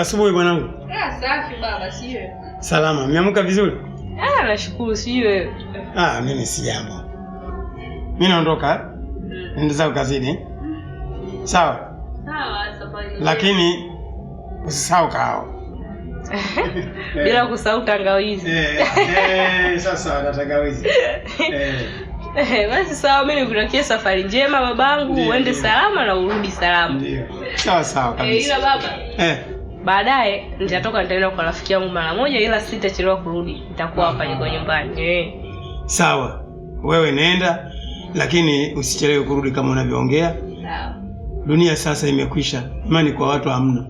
Asubuhi mwanangu. Ah, safi baba, sio? Salama. umeamka vizuri? Ah, nashukuru, sio wewe. Ah, mimi si jambo. Mimi naondoka. Nenda zako kazini. Sawa? Sawa, safari. Lakini usisahau kao. Bila eh. kusahau tangawizi. Eh, eh, sasa na tangawizi. Eh. Eh, basi sawa, mimi nikutakia safari njema babangu, uende salama na urudi salama. Ndio. Sawa sawa kabisa. Eh, ila baba. Eh baadaye nitatoka nitaenda kwa rafiki yangu mara moja, ila sitachelewa kurudi, nitakuwa hapa niko nyumbani ah. eh. Sawa, wewe nenda, lakini usichelewe kurudi kama unavyoongea. Sawa. Dunia sasa imekwisha, imani kwa watu hamna.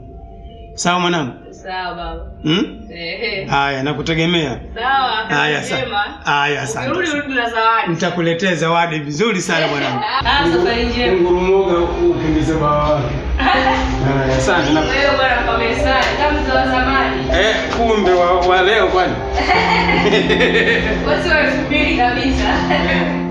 Sawa mwanangu. Sawa baba. Hmm? Eh. Haya, nakutegemea. Sawa. Haya sasa. Haya sasa. Urudi urudi na zawadi. Nitakuletea zawadi vizuri sana mwanangu. Ah, safari njema. Ngurumoga ukimbize baba wake asante. Na wewe bwana kwa kama za zamani. Eh, kumbe wa, wa leo kwani? Wote wa 2000 kabisa. Eh.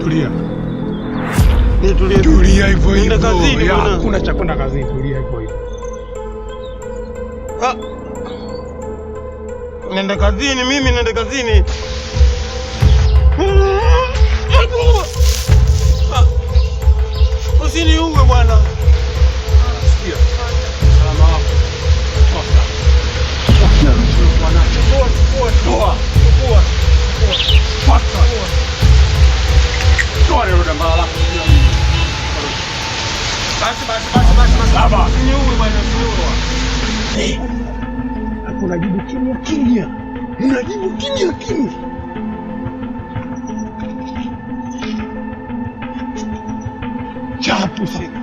Tulia. Tulia. Tulia hivyo hivyo. Hakuna cha kwenda kazini, tulia hivyo hivyo. Nenda kazini mimi, nenda kazini. Usiniue bwana. unajibu kimya kimya, unajibu kimya kimya. Chapu sasa,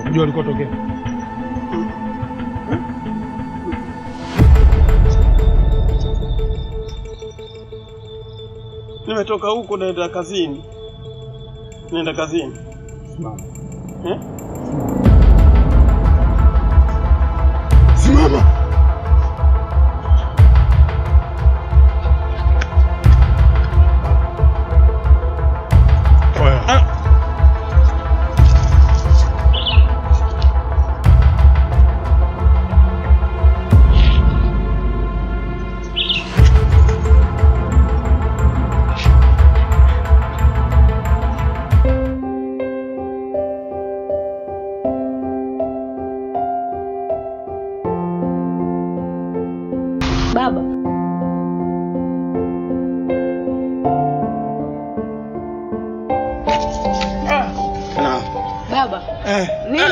unajua ulikotokea Nimetoka huko naenda kazini, naenda kazini. Simama. Eh? Simama.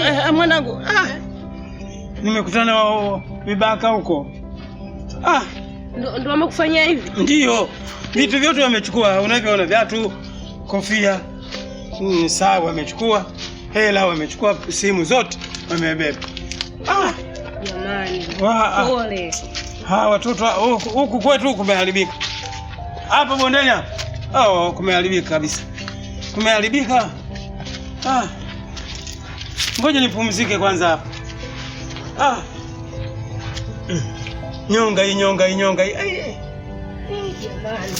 Eh, eh, mwanangu ah. Nimekutana na vibaka huko ah. Ndio wamekufanyia hivi? Ndio, vitu vyote wamechukua, unavyoona, viatu, kofia, mm, saa wamechukua, hela wamechukua, simu zote wamebeba. Ah. Jamani, ah. pole. Ha, watoto huku kwetu kumeharibika, hapa bondeni hapa, oh, kumeharibika kabisa, kumeharibika ah. Ngoja nipumzike kwanza hapa. Ah. Mm. Nyonga hii nyonga hii nyonga hii. Ai. Jamani.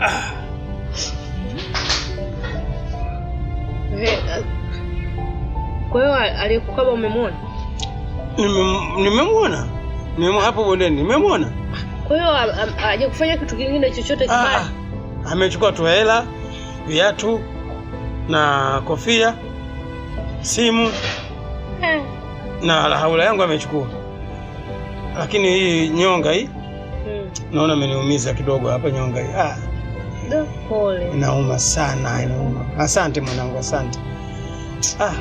Ah. Kwa hiyo alikukaba umemwona? Nimemwona. Nime hapo bondeni nimemwona. Kwa hiyo ah, ah, hajakufanya kitu kingine chochote kibaya. Ah, ah. Amechukua tu hela, viatu na kofia simu eh. na lahaula yangu amechukua, lakini hii nyonga hii hmm. naona ameniumiza kidogo hapa nyonga hii ah. Pole. Inauma sana, inauma. Asante mwanangu, asante. Ah.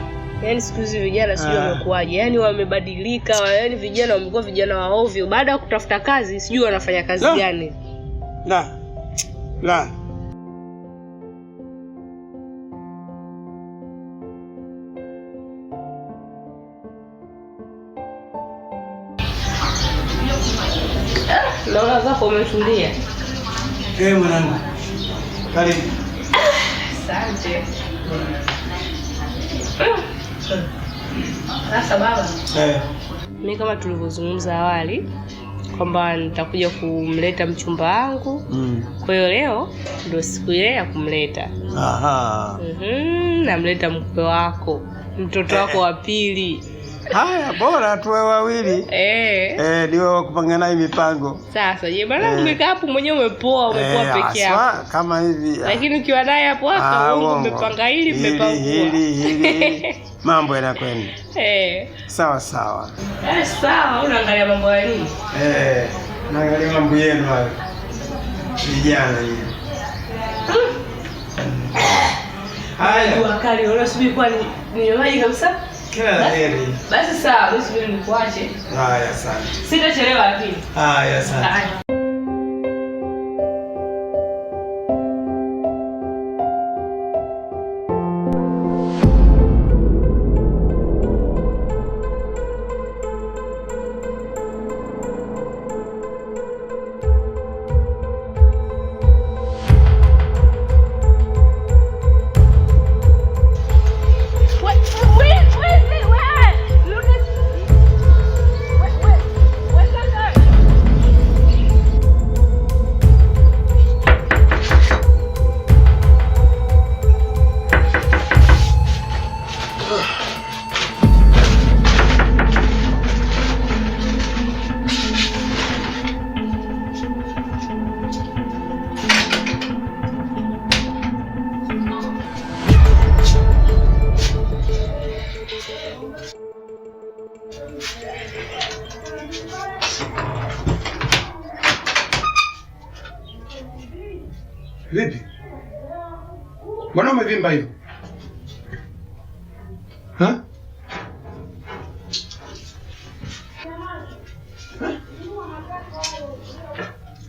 Yaani siku hizi vijana sijui ah. wamekuaje, yaani wamebadilika, yaani vijana wamekuwa vijana wa ovyo. Baada ya kutafuta kazi sijui wanafanya kazi gani. La. La. Naona zako umetulia. Eh, mwanangu. Karibu. Asante. Hmm. Ah, sasa baba. Eh. Mimi kama tulivyozungumza awali kwamba nitakuja kumleta mchumba wangu mm. Kwa hiyo leo ndio siku ile ya kumleta. Aha. Mhm, namleta mkwe wako, mtoto wako wa pili. Haya, bora tuwe wawili eh, eh niwe wa kupanga naye mipango. Sasa je, bwana, eh. umekaa hapo mwenyewe, umepoa, umepoa eh, peke yako kama hivi, ah. lakini ukiwa naye hapo hapo ah, ah, umepanga hili, mmepanga hili hili, mambo yanakwenda eh, sawa sawa, eh, sawa. Unaangalia mambo ya nini? Eh, naangalia mambo yenu hayo vijana hiyo. Hmm. Haya, wakali unasubiri kwa ni maji kabisa kila la heri. Basi sawa, wewe subiri nikuache. Haya, asante. Sitachelewa lakini. Haya, asante.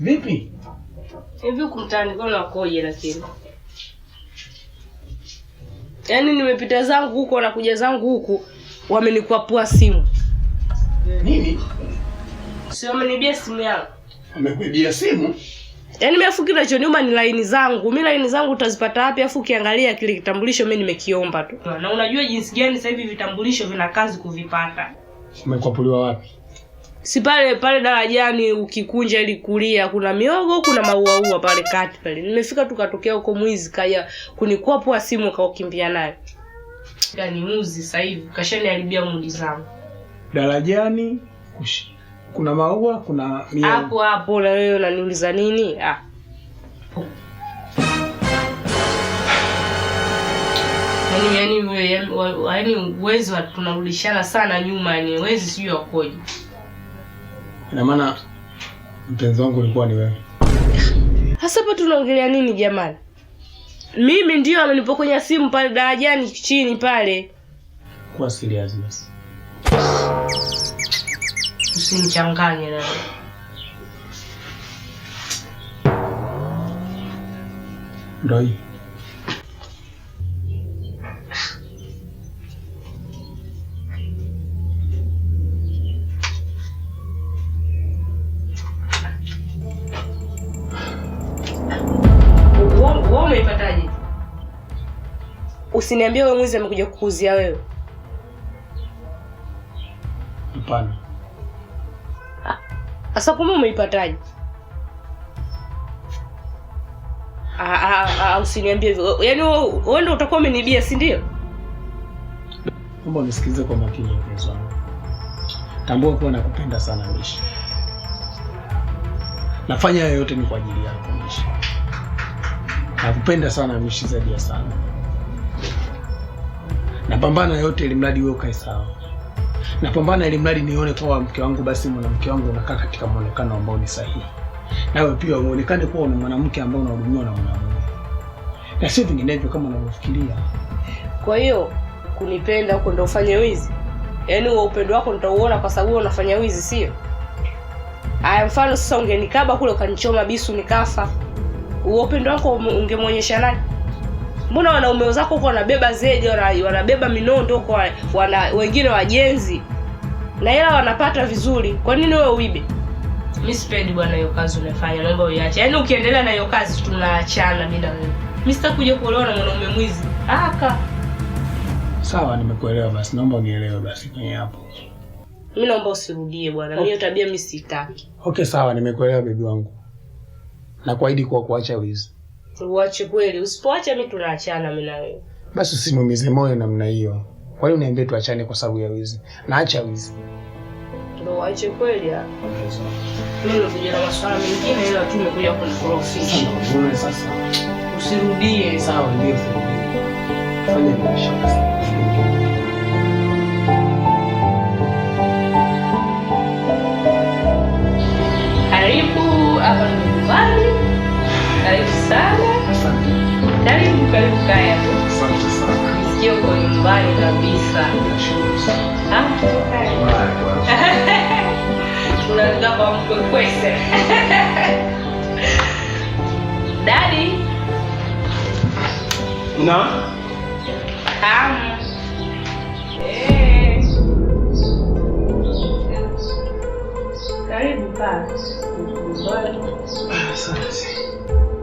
Vipi? Hivi lakini? Yaani nimepita zangu huko na kuja zangu huku wamenikwapua simu. Nini? Si wameniibia simu yangu. Amekuibia simu? Yaani mimi afu kinachoniuma ni laini zangu. Mimi laini zangu utazipata wapi? Afu ukiangalia kile kitambulisho mimi nimekiomba tu. Na unajua jinsi gani sasa hivi vitambulisho vina kazi kuvipata. Umekwapuliwa wapi? Si pale pale darajani ukikunja ili kulia kuna miogo, kuna mauaua pale kati pale. Nimefika tu katokea huko mwizi kaya kunikwapua simu kaokimbia nayo. Gani muzi sasa hivi kashaniharibia mudi zangu. Darajani kushi kuna maua, kuna mia. Hapo hapo na wewe unaniuliza nini? Ah. Yani, yani yani yaani, uwezo wa tunarudishana sana nyuma, ni yaani wezi sijui wakoje. Ina maana mpenzi wangu ulikuwa ni wewe. Sasa hapa tunaongelea nini jamani? Mimi ndio amenipokonya simu pale darajani chini pale. Kwa serious basi. Usinichanganye na ndio Usiniambie wewe mwizi amekuja kukuuzia wewe. Hapana. Sasa kumbe umeipataje? Ah, ah, ah, usiniambie hivyo, yaani wewe ndio utakuwa umenibia, si ndio? Naomba unisikilize kwa makini mpenzi Tambua kuwa nakupenda sana Mishi. Nafanya hayo yote ni kwa ajili yako Mishi. Nakupenda sana Mishi zaidi ya sana. Napambana yote ili mradi wewe ukae sawa napambana ili mradi nione kwa mke wangu, basi mwanamke wangu unakaa katika mwonekano ambao ni sahihi, nawe pia uonekane kuwa una mwanamke ambaye unahudumiwa na mwanamume na sio vinginevyo kama unavyofikiria. Kwa hiyo kunipenda huko ndio ufanye wizi? Yaani huo upendo wako nitauona kwa sababu unafanya wizi, sio? Aya, mfano sasa ungenikaba kule ukanichoma bisu nikafa, huo upendo wako ungemwonyesha nani? mbona wanaume wazako huko wanabeba zeje wanabeba minondo huko, wana wengine wajenzi na hela wanapata vizuri. Kwa nini wewe uibe? Mi sipendi bwana hiyo kazi unafanya, naomba uiache. Yaani ukiendelea na hiyo kazi tunaachana mimi na wewe. mimi sitakuja kuolewa na mwanaume mwizi aka. Sawa, nimekuelewa basi, naomba unielewe basi kwenye hapo. mimi naomba usirudie bwana, mi hiyo tabia mi sitaki. Okay, sawa, nimekuelewa bibi wangu, na kuahidi kwa kuacha wizi tuache kweli, usipoache mimi tunaachana mimi na wewe. Basi usiniumize moyo namna hiyo. Kwa hiyo niambie tuachane kwa sababu ya wizi. Naacha wizi. Ndio waache kweli ya. Mimi nikuja na masuala mengine ila tu nimekuja kunikorofisha. Sasa usirudie. Sawa, ndio. Fanya biashara. Não? Vamos. Tá indo, tá? Vamos embora? É. Ah, só assim.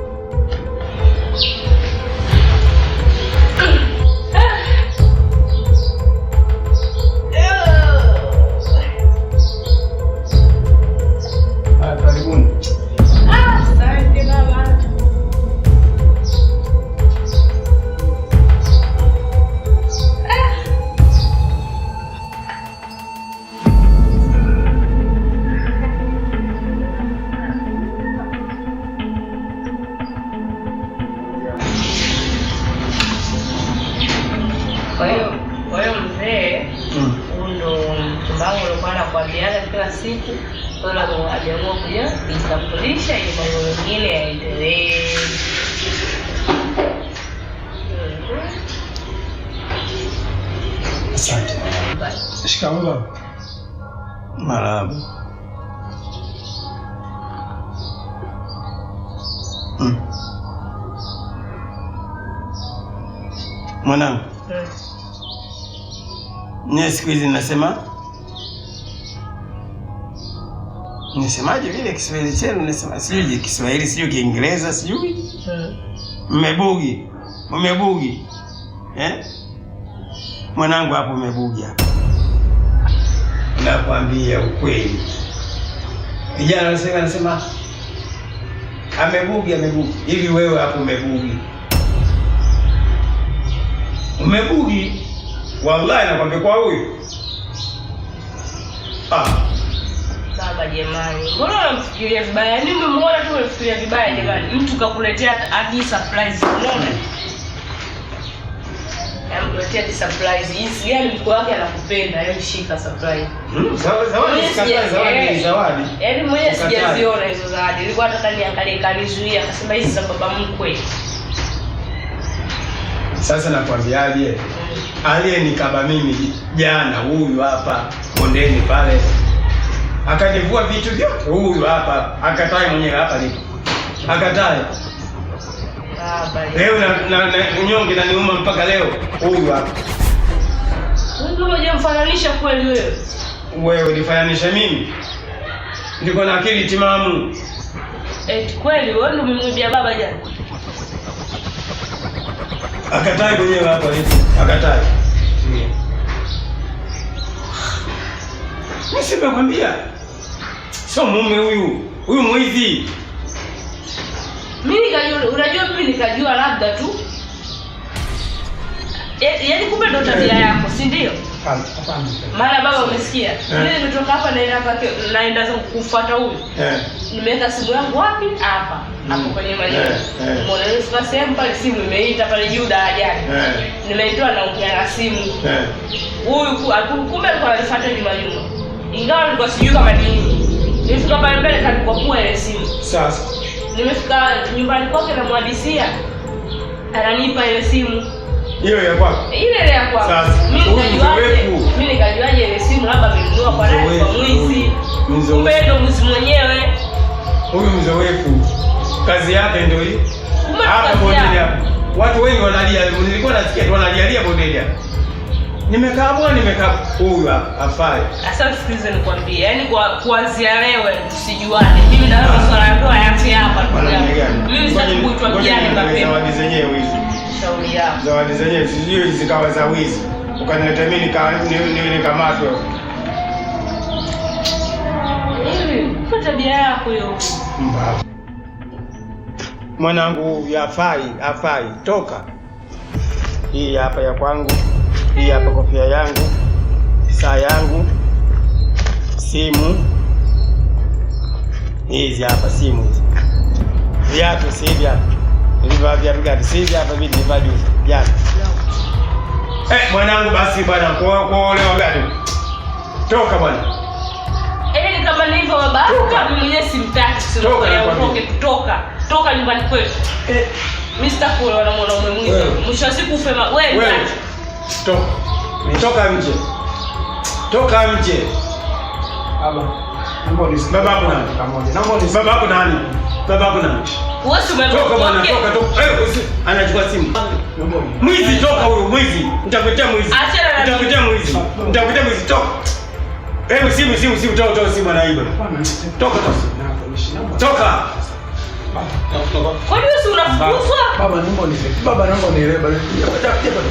Kwa hiyo kwa hiyo mzee mm. ndo mchumba wangu alikuwa anakuambiana kila siku, aliamua kuja kujitambulisha ili mambo mengine yaendelee. Asante. Shikamoo. Marahaba. Mm. Mm. Mwanangu ne siku hizi nasema nisemaje vile Kiswahili chenu nasema sijui Kiswahili sijui Kiingereza sijui eh. mmebugi mmebugi eh? Mwanangu hapo umebugi hapo, nakwambia ukweli. Vijana nasema anasema amebugi amebugi. Hivi wewe hapo umebugi umebugi Wallahi nakwambia kwa huyu. Ah. Baba jamani. Mbona unamfikiria vibaya? Yaani umemwona tu unafikiria vibaya jamani. Mtu kakuletea hadi surprise. Unaona? Amkuletea hadi surprise. Jinsi gani mko wake anakupenda, yeye yaani shika surprise. Hmm? Sawa zawadi eh, zawadi. Yaani mwenyewe sijaziona hizo zawadi. Nilikuwa nataka niangalie kanizuia akasema hizi za baba mkwe. Sasa nakwambiaje? aliyenikaba mimi jana, huyu hapa kondeni pale, akanivua vitu vyote, huyu hapa akatae mwenyewe hapa lipo, akatae leo na, na, na unyonge na niuma mpaka leo, huyu hapa. Hujamfananisha kweli wewe? Wewe ulifananisha mimi? Ndiko na akili timamu. Eti kweli wewe ndio umemwibia baba jana? Akatai mwenyewe hapa alipo. Akatai. Mimi simekwambia. Sio mume huyu. Huyu mwizi. Mimi nikajua, unajua mimi nikajua labda tu. Yaani kumbe ndo tabia eh. yako, si ndio? Hapana. Mara baba umesikia? Eh. Mimi nimetoka hapa naenda naenda kufuata huyu. Eh. Nimeweka simu yangu wapi? Hapa hapo mm. kwenye malezi. Eh, eh. Mbona mimi sasa pale simu imeita pale juu darajani. Eh. Nimeitoa na ongea na simu. Huyu kumbe alikuwa anafuata Juma Juma. Ingawa nilikuwa sijui kama nini. Nilifika pale mbele kalikuwa kwa ile simu. Sasa nimefika nyumbani kwake na mwadisia. Ananipa ile simu. Hiyo ya kwako. Ile ile ya kwako. Sasa mimi nikajuaje ile simu labda nilinunua kwa nani kwa mwizi. Kumbe ndo mwizi mwenyewe. Huyu mzoefu kazi yake ndio hii hapa bondeni hapa. Watu wengi wanalia, nilikuwa nasikia tu wanalia lia bondeni hapa. Nimekaa bwana, nimekaa huyu hapa afai. Sasa sikilize nikwambie, yani kwa kuanzia leo usijuane. Yaani mimi na wewe ah. swala yako hayati hapa ndugu yangu. Mimi sitakuitwa kuitwa mjane mapema. Zawadi zenyewe hizi. Shauri yako. Zawadi zenyewe sijui zikawa za wizi. Ukaniletea mimi nika niwe nikamatwa. Hivi, kwa tabia yako hiyo. Mbaya mwanangu huyu hafai, hafai, toka. Hii hapa ya kwangu, hii hapa kofia yangu, saa yangu, simu hizi hapa, simu hizi, viatu si hivi hapa viatu si hivi hapa, viatu viatu. Eh, mwanangu, basi bwana, wa gani? Toka bwana. Yaani kama ni hivyo baba, mimi mwenyewe simtaki, kutoka toka nyumbani kwetu. Eh. Mr. sitakula na mwanaume mwingine. Mwisho wa siku ufema wewe. Wewe. Stop. Nitoka nje. Toka nje. Baba. Baba yako nani? Pamoja. Baba yako nani? Baba yako nani? Wewe umetoka. Toka bwana, toka toka. Eh, usi. Anachukua simu. Mwizi toka huyo mwizi. Nitakuletea mwizi. Nitakuletea mwizi. Nitakuletea mwizi toka. Eh, simu simu simu toka toka simu anaiba. Toka toka. Toka. Kwa nini unafukuzwa? Baba naomba nielewe. Baba naomba nielewe.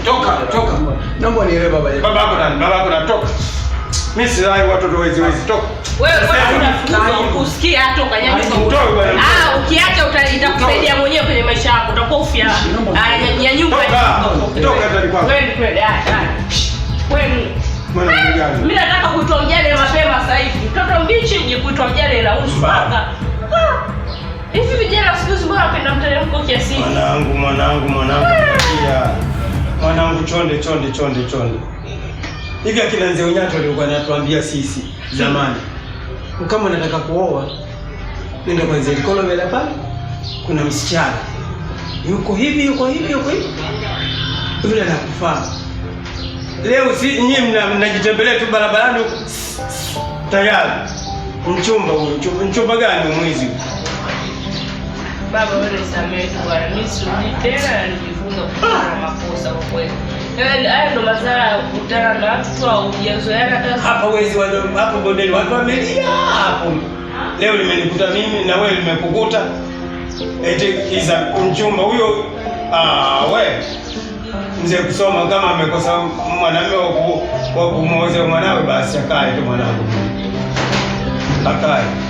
Toka, toka. Naomba nielewe baba. Baba yako nani? Baba yako natoka. Mimi si dai watu wezi wezi toka. Wewe unafukuzwa usikia hata ukanyanya. Ah, ukiacha itakusaidia mwenyewe kwenye maisha yako. Utakuwa ufia. Ah, ya nyumba. Toka, toka ndani kwako. Wewe kweli. Ah, ah. wewe. Ah, mimi nataka kuitwa mjane mapema sasa hivi. Mtoto mbichi uje kuitwa mjane la usu Hivi vijana siku hizi bora wapenda mteremko kiasi. Mwanangu, mwanangu, mwanangu. Ah! Mwanangu chonde chonde chonde chonde. Hivi akina Nzee Unyato walikuwa wanatuambia sisi zamani. Kama unataka kuoa nenda kwa Nzee Kolo mbele pale. Kuna msichana. Yuko hivi, yuko hivi, yuko hivi. Yule anakufaa. Leo si nyinyi mnajitembelea tu barabarani tayari. Mchumba huyo, mchumba gani mwizi? Baba wewe nisamehe tu Bwana, mimi sirudi tena na nijifunza kufanya makosa kwa kweli. Yaani, haya ndo madhara ya kukutana na watu tu haujazoeana kazi. hapa wezi wa hapo bondeni watu wamelia hapo. Leo limenikuta mimi na wewe nimekukuta. Eti kiza mchumba huyo ah, wewe mzee kusoma kama amekosa mwanamume wa kumwoza mwanawe basi akae tu mwanangu. Akae.